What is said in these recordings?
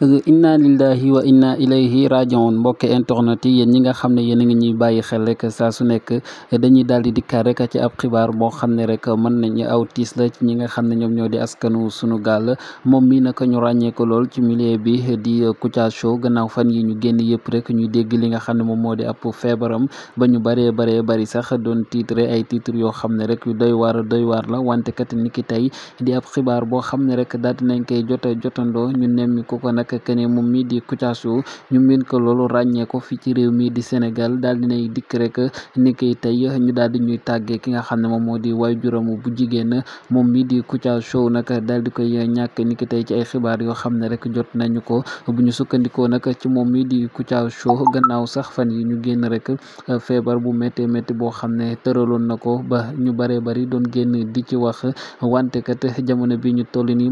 Euh, inna lillahi wa inna ilayhi rajiun mbokk internet yi yéen ñi nga xam ne yéen a ngi ñuy bàyyi xel rek saa su nekk dañuy daal di dikkaat rek ci ab xibaar boo xam ne rek mën nañu aw tiis la ci ñi nga xam ne ñoom ñoo di askanu sunu gaal moom mi nag ñu ràññee lool ci milieu bi di Kouthia gannaaw fan yi ñu génn yëpp rek ñu dégg li nga xam ne moom moo di ab feebaram ba ñu baree baree bari sax doon tiitre ay titre yoo xam ne rek yu doy waar doy waar la wante kat niki tey di ab xibaar boo xam ne rek daal nañ koy jota jotandoo ñu nemmi ko ko nag nag kene moom mi di Kouthia Show ñu mën ko loolu ràññee ko fii ci réew mii di Sénégal daal dinay dikk rek ni koy tey ñu daal di ñuy tàggee ki nga xam ne moom moo di waajuramu bu jigéen moom mi di Kouthia Show nag daal di koy ñàkk ni ki ci ay xibaar yoo xam ne rek jot nañu ko bu ñu sukkandikoo nag ci moom mi di Kouthia Show gannaaw sax fan yi ñu génn rek feebar bu métti metti boo xam ne tëraloon na ko ba ñu bare bari doon génn di ci wax wante kat bi ñu toll nii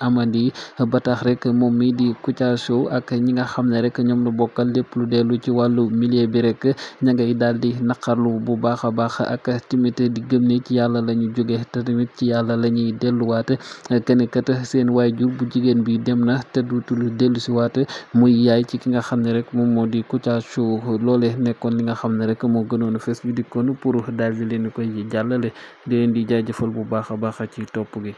amandi ba tax rek moom mi di Kouthia ak ñi nga xam ne rek ñoom lu bokkal lépp lu dellu ci wàllu milier bi rek ña ngay daal di naqarlu bu baax a baax ak timit di gëm ne ci yàlla la jóge te tamit ci yàlla la ñuy delluwaat kennekat seen waajur bu jigéen bi dem na te duutul dellu siwaat muy yaay ci ki nga xam ne rek moom moo di Kouthia Show loole nekkoon li nga xam ne rek moo gënoon fees ñu kon pour daal di leen koy jàllale di leen di jaajëfal bu baax a baax ci topp gi